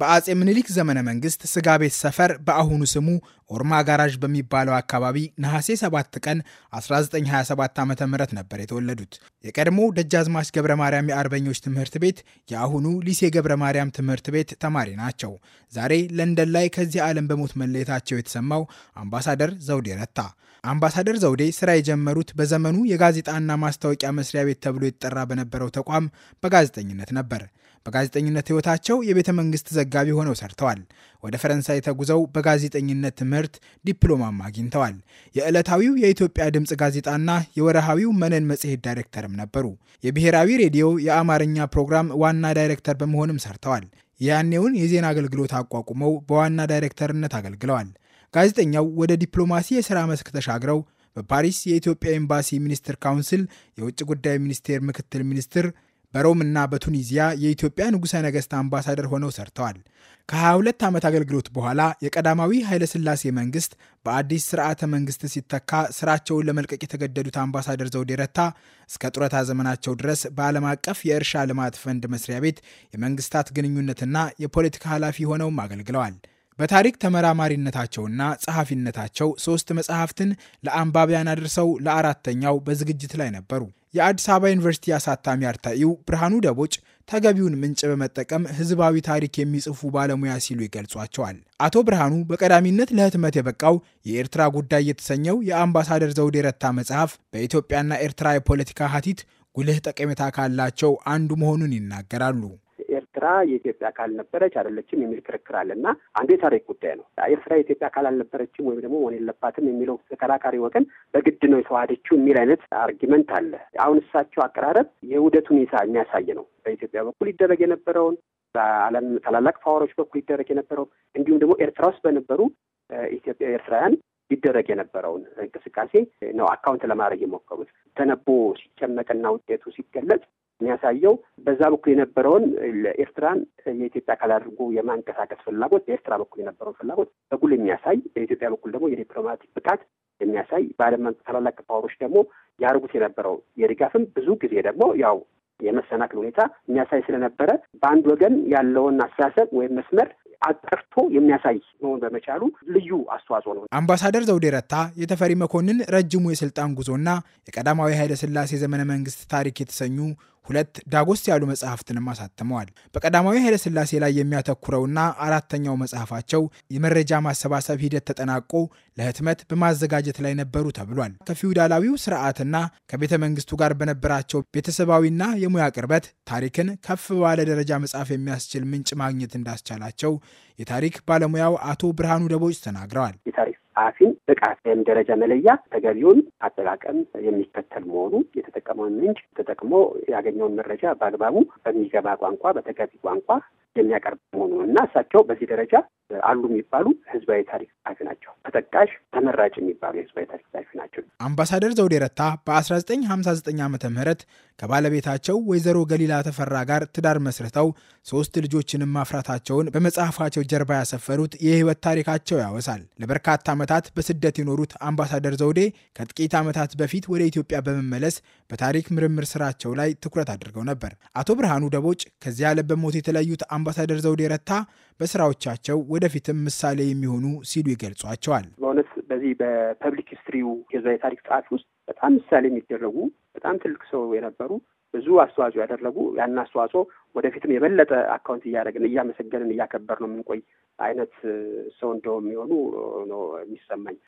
በአጼ ምኒልክ ዘመነ መንግስት ስጋ ቤት ሰፈር በአሁኑ ስሙ ኦርማ ጋራዥ በሚባለው አካባቢ ነሐሴ 7 ቀን 1927 ዓ ም ነበር የተወለዱት። የቀድሞ ደጃዝማች ገብረ ማርያም የአርበኞች ትምህርት ቤት የአሁኑ ሊሴ ገብረ ማርያም ትምህርት ቤት ተማሪ ናቸው። ዛሬ ለንደን ላይ ከዚህ ዓለም በሞት መለየታቸው የተሰማው አምባሳደር ዘውዴ ረታ። አምባሳደር ዘውዴ ስራ የጀመሩት በዘመኑ የጋዜጣና ማስታወቂያ መስሪያ ቤት ተብሎ የተጠራ በነበረው ተቋም በጋዜጠኝነት ነበር። በጋዜጠኝነት ሕይወታቸው የቤተ መንግስት ዘጋቢ ሆነው ሰርተዋል። ወደ ፈረንሳይ ተጉዘው በጋዜጠኝነት ትምህርት ዲፕሎማም አግኝተዋል። የዕለታዊው የኢትዮጵያ ድምፅ ጋዜጣና የወረሃዊው መነን መጽሔት ዳይሬክተርም ነበሩ። የብሔራዊ ሬዲዮ የአማርኛ ፕሮግራም ዋና ዳይሬክተር በመሆንም ሰርተዋል። ያኔውን የዜና አገልግሎት አቋቁመው በዋና ዳይሬክተርነት አገልግለዋል። ጋዜጠኛው ወደ ዲፕሎማሲ የሥራ መስክ ተሻግረው በፓሪስ የኢትዮጵያ ኤምባሲ ሚኒስትር ካውንስል የውጭ ጉዳይ ሚኒስቴር ምክትል ሚኒስትር በሮምና በቱኒዚያ የኢትዮጵያ ንጉሠ ነገሥት አምባሳደር ሆነው ሰርተዋል። ከ22 ዓመት አገልግሎት በኋላ የቀዳማዊ ኃይለሥላሴ መንግስት በአዲስ ሥርዓተ መንግስት ሲተካ ሥራቸውን ለመልቀቅ የተገደዱት አምባሳደር ዘውዴ ረታ እስከ ጡረታ ዘመናቸው ድረስ በዓለም አቀፍ የእርሻ ልማት ፈንድ መስሪያ ቤት የመንግስታት ግንኙነትና የፖለቲካ ኃላፊ ሆነውም አገልግለዋል። በታሪክ ተመራማሪነታቸውና ጸሐፊነታቸው ሶስት መጽሐፍትን ለአንባቢያን አድርሰው ለአራተኛው በዝግጅት ላይ ነበሩ። የአዲስ አበባ ዩኒቨርሲቲ አሳታሚ አርታኢው ብርሃኑ ደቦጭ ተገቢውን ምንጭ በመጠቀም ህዝባዊ ታሪክ የሚጽፉ ባለሙያ ሲሉ ይገልጿቸዋል። አቶ ብርሃኑ በቀዳሚነት ለህትመት የበቃው የኤርትራ ጉዳይ የተሰኘው የአምባሳደር ዘውዴ ረታ መጽሐፍ በኢትዮጵያና ኤርትራ የፖለቲካ ሀቲት ጉልህ ጠቀሜታ ካላቸው አንዱ መሆኑን ይናገራሉ። ኤርትራ የኢትዮጵያ አካል ነበረች አይደለችም የሚል ክርክር አለ እና አንዱ የታሪክ ጉዳይ ነው። ኤርትራ የኢትዮጵያ አካል አልነበረችም ወይም ደግሞ መሆን የለባትም የሚለው ተከራካሪ ወገን በግድ ነው የተዋሃደችው የሚል አይነት አርጊመንት አለ። አሁን እሳቸው አቀራረብ የውህደት ሁኔታ የሚያሳይ ነው። በኢትዮጵያ በኩል ይደረግ የነበረውን በዓለም ታላላቅ ፓወሮች በኩል ይደረግ የነበረው እንዲሁም ደግሞ ኤርትራ ውስጥ በነበሩ ኢትዮጵያ ኤርትራውያን ይደረግ የነበረውን እንቅስቃሴ ነው አካውንት ለማድረግ የሞከሩት። ተነቦ ሲጨመቅና ውጤቱ ሲገለጽ የሚያሳየው በዛ በኩል የነበረውን ኤርትራን የኢትዮጵያ አካል አድርጎ የማንቀሳቀስ ፍላጎት በኤርትራ በኩል የነበረውን ፍላጎት በጉል የሚያሳይ በኢትዮጵያ በኩል ደግሞ የዲፕሎማቲክ ብቃት የሚያሳይ በዓለም ታላላቅ ፓወሮች ደግሞ ያደርጉት የነበረው የድጋፍም ብዙ ጊዜ ደግሞ ያው የመሰናክል ሁኔታ የሚያሳይ ስለነበረ በአንድ ወገን ያለውን አስተሳሰብ ወይም መስመር አጠርቶ የሚያሳይ መሆን በመቻሉ ልዩ አስተዋጽኦ ነው። አምባሳደር ዘውዴ ረታ የተፈሪ መኮንን ረጅሙ የስልጣን ጉዞና የቀዳማዊ ኃይለ ስላሴ ዘመነ መንግስት ታሪክ የተሰኙ ሁለት ዳጎስ ያሉ መጽሐፍትንም አሳትመዋል። በቀዳማዊ ኃይለሥላሴ ላይ የሚያተኩረውና አራተኛው መጽሐፋቸው የመረጃ ማሰባሰብ ሂደት ተጠናቆ ለህትመት በማዘጋጀት ላይ ነበሩ ተብሏል። ከፊውዳላዊው ስርዓትና ከቤተ መንግስቱ ጋር በነበራቸው ቤተሰባዊና የሙያ ቅርበት ታሪክን ከፍ ባለ ደረጃ መጽሐፍ የሚያስችል ምንጭ ማግኘት እንዳስቻላቸው የታሪክ ባለሙያው አቶ ብርሃኑ ደቦጭ ተናግረዋል። የታሪክ ጸሐፊን ብቃት ወይም ደረጃ መለያ ተገቢውን አጠቃቀም የሚከተል መሆኑ የተጠቀመውን ምንጭ ተጠቅሞ ያገኘውን መረጃ በአግባቡ በሚገባ ቋንቋ በተገቢ ቋንቋ የሚያቀርብ መሆኑ እና እሳቸው በዚህ ደረጃ አሉ የሚባሉ ህዝባዊ ታሪክ ጸሐፊ ናቸው። ተጠቃሽ ተመራጭ የሚባሉ የህዝባዊ ታሪክ ጸሐፊ ናቸው። አምባሳደር ዘውዴ ረታ በ1959 ዓ ም ከባለቤታቸው ወይዘሮ ገሊላ ተፈራ ጋር ትዳር መስርተው ሶስት ልጆችንም ማፍራታቸውን በመጽሐፋቸው ጀርባ ያሰፈሩት የህይወት ታሪካቸው ያወሳል። ለበርካታ ዓመታት በስደት የኖሩት አምባሳደር ዘውዴ ከጥቂት ዓመታት በፊት ወደ ኢትዮጵያ በመመለስ በታሪክ ምርምር ስራቸው ላይ ትኩረት አድርገው ነበር። አቶ ብርሃኑ ደቦጭ ከዚህ ዓለም በሞት የተለዩት አምባ አምባሳደር ዘውዴ ረታ በስራዎቻቸው ወደፊትም ምሳሌ የሚሆኑ ሲሉ ይገልጿቸዋል። በእውነት በዚህ በፐብሊክ ሂስትሪው የዛ የታሪክ ጸሐፊ ውስጥ በጣም ምሳሌ የሚደረጉ በጣም ትልቅ ሰው የነበሩ ብዙ አስተዋጽኦ ያደረጉ ያን አስተዋጽኦ ወደፊትም የበለጠ አካውንት እያደረግን እያመሰገንን እያከበር ነው የምንቆይ አይነት ሰው እንደው የሚሆኑ ነው የሚሰማኝ።